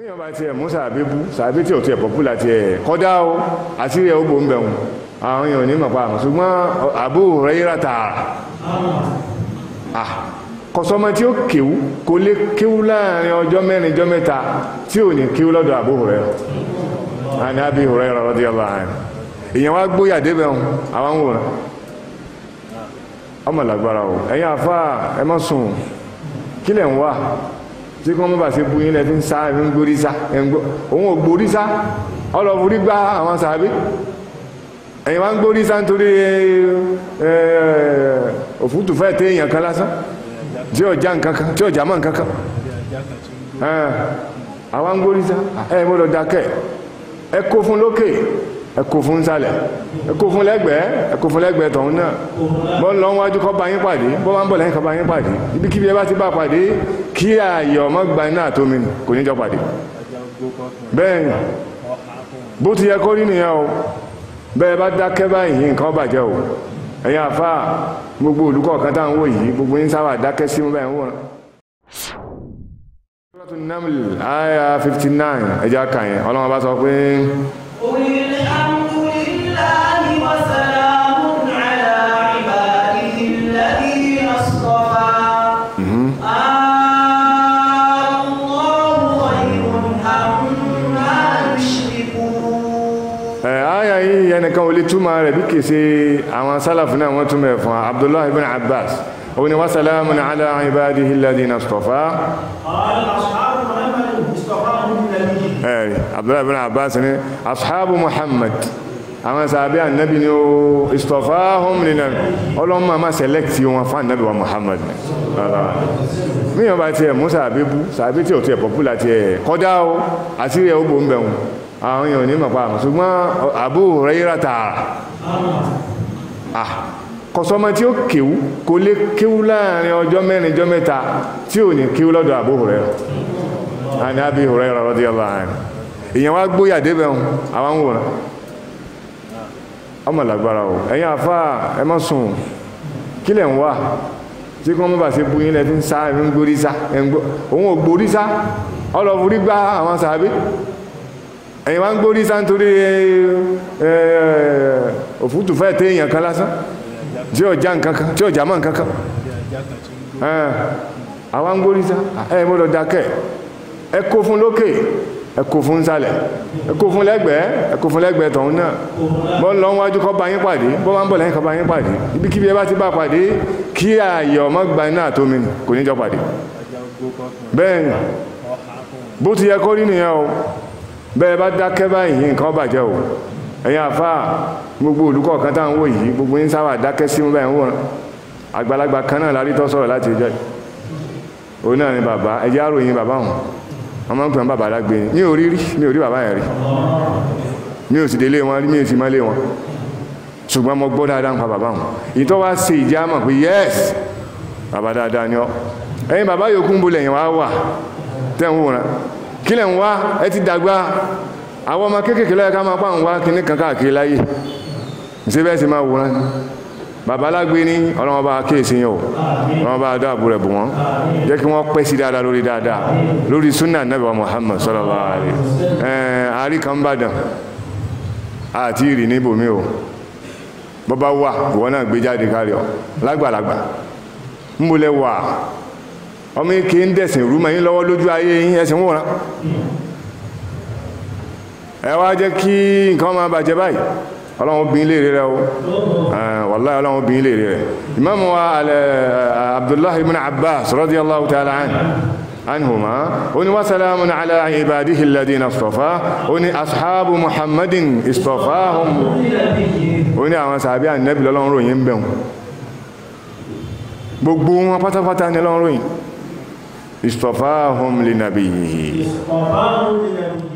míyàn bá tiẹ̀ mú sàbí bú sàbí tí ò tiẹ̀ pọ̀pùlà tiẹ̀ kọ́dá o àti rẹ̀ ó bò ń bẹ̀rùn àwọn èèyàn ní màpá àmọ́ ṣùgbọ́n Abu Hurairah ah, tààrà kọ̀sọ́mọ tí ó kéwú kò lè kéwú láàrin ọjọ́ mẹ́rin ọjọ́ mẹ́ta tí ò ní kéwú lọ́dọ̀ Abu Hurairah àní Abi Hurairah radiyallahu anhu èèyàn wá gbóyà débẹ̀ wọn àwọn ń wòran ọmọ làgbára o ẹ̀yin àfáà ẹ má sùn kílẹ̀ ń wà tí kò mọ̀ bá ṣe bu yín lẹ́fi ń sá ẹ̀fí ń gbórí sá òun ò gbórí sá ọlọ́forí gbá àwọn sàbí ẹ̀yin wá ń gbórí sá nítorí òfútù fẹ́ tẹ èèyàn kan lásán tí ọjà nǹkan kan tí ọjà mọ̀ nǹkan kan àwa ń gbórí sá ẹ̀ gbọ́dọ̀ dákẹ́ ẹ kó fún lókè ẹkọ fún sálẹ̀ ẹkọ fún lẹ́gbẹ̀ẹ́ ẹkọ fún lẹ́gbẹ̀ẹ́ tọ̀hún náà bọ́ ń lọ wájú kọ́ bá yín pàdé bọ́ bá ń bọ̀ lẹ́yìn kọ́ bá yín pàdé ibikíbi ẹ bá ti bá pàdé kí ààyè ọmọ gba iná àtomi kò ní jọ pàdé bẹ́ẹ̀ bó ti yẹ kó rí nìyẹn o bẹ́ẹ̀ bá dákẹ́ báyìí nǹkan bàjẹ́ o ẹ̀yin àfa gbogbo olùkọ́ kan tá à ń wò yìí gbogbo yín sábà dákẹ́ sí bẹ́ẹ̀ ń wò. Suratul Naml aya fifty nine ẹja kàn yẹn ọlọ́run bá sọ pé. ẹnìkan ò lè túmọ̀ rẹ̀ bí kìí ṣe àwọn sálàfù náà wọ́n túmọ̀ ẹ̀ fún Abdullahi ibn Abbas òun ni wa salamun ala ibadihi alladhina istafa ẹ̀rì Abdullahi ibn Abbas ni ashabu Muhammad àwọn sàbí ànábì ni ó istafahum nínú ọlọ́mọ àmà sẹlẹ́kìtì wọn fún ànábì wa Muhammad míyàn bá tiẹ̀ mú sàbí bú sàbí tí àwọn èèyàn ní màpá àmà ṣùgbọ́n Abu Hurairah ah, tààrà kọ̀sọ́mọ́ tí ó kéwú kò lè kéwú láàrin ọjọ́ mẹ́rin ọjọ́ mẹ́ta tí ò ní kéwú lọ́dọ̀ Abu Hurairah àní Abi Hurairah radiyallahu anhu èèyàn wá gbóyà débẹ̀ ohun àwọn ń wòrán ọmọ làgbára o ẹ̀yin àfá ẹ má sùn kí lẹ̀ ń wà tí kọ́ mọ́ bà sí bú yínlẹ̀ fi ń sá ẹ̀ ń gbórí sá òun ò gbórí sá ọlọ́furí gbá àwọn sàábé ẹ̀yin wá ń gbórí sáńtorí òfútù fẹ́ tẹ́ èèyàn kan lásán tí ó já nkankan tí ó já mọ́ nkankan àwọn ń gbórí sá ẹ mọ́lọ dákẹ́ ẹ kó fún lókè ẹ kó fún sálẹ̀ ẹ kó fún lẹ́gbẹ̀ẹ́ ẹ kó fún lẹ́gbẹ̀ẹ́ tọ̀hún náà bọ́ ń lọ wájú kó bá yín pàdé bọ́ bá ń bọ̀ lẹ́yìn kó bá yín pàdé ibikíbi ẹ bá ti bá pàdé kí ààyè ọmọ gba iná àtómi kò ní jọ pàdé bẹ́ẹ̀ bó ti yẹ kó rí nìyẹn o bẹ́ẹ̀ bá dákẹ́ báyìí nǹkan bàjẹ́ o ẹ̀yin àfá gbogbo olùkọ́ kan tá à ń wò yìí gbogbo yín sáwà dákẹ́ sí bẹ́ẹ̀ ń wò àgbàlagbà kan náà lárí tọ́ sọ̀rọ̀ láti ìjọ òun náà ni bàbá ẹjẹ́ àròyìn bàbá wọn ọmọ ń pè wọn bàbá lágbé ni mi ò rí rí mi ò rí bàbá yẹn rí mi ò sì délé wọn rí mi ò sì mọ́lé wọn ṣùgbọ́n mo gbọ́ dáadáa ń pa bàbá wọn ìtọ́ wá ṣe ìjà mọ̀ pé yẹ́s bàbá dáadáa ni ọ ẹ̀yin bàbá yòókù ń bolẹ̀ yẹn wá wà tẹ́ ń wòran kílẹ̀ ń wá ẹ ti dàgbà àwọn ọmọ kéékèèké lọ́yẹ ká máa pàwọn wá kíní kan káàkiri láyé ṣé bẹ́ẹ̀ sì máa wòran bàbá alágbé ní ọlọ́wọ́n bá kíyèsí yẹn o ọlọ́wọ́n bá dáàbò rẹ̀ bù wọ́n jẹ́ kí wọ́n pẹ́ sí dáadáa lórí dáadáa lórí sunna nabi wa Muhammad sallallahu alaihi ẹ̀ẹ́n àárí kan bá dàn àti ìrì níbòmí o bọ́ bá wà ìwọ náà gbé jáde kárí ọ lágbàlagbà ń bolẹ̀ wà ọmọ ike ń dẹ̀sìn rúmọ yín lọ́wọ́ lójú ayé yín ẹ̀sìn wòran ẹ wá jẹ́ kí nǹkan máa bàjẹ́ báyìí ọlọ́run obìnrin lè rẹ̀ o wàláyé ọlọ́run obìnrin lè rẹ̀ Imam wa eh, Abdullahi ibn Abbas radiyallahu ta'ala anhu عنهما وني وسلام على عباده الذين اصطفى وني اصحاب محمد اصطفاهم وني àwọn sahabi annabi lọ́lọ́run ròyìn bẹ̀ wọ́n gbogbo wọn pátápátá ni lọ́run ròyìn اصطفاهم لنبيه اصطفاهم لنبيه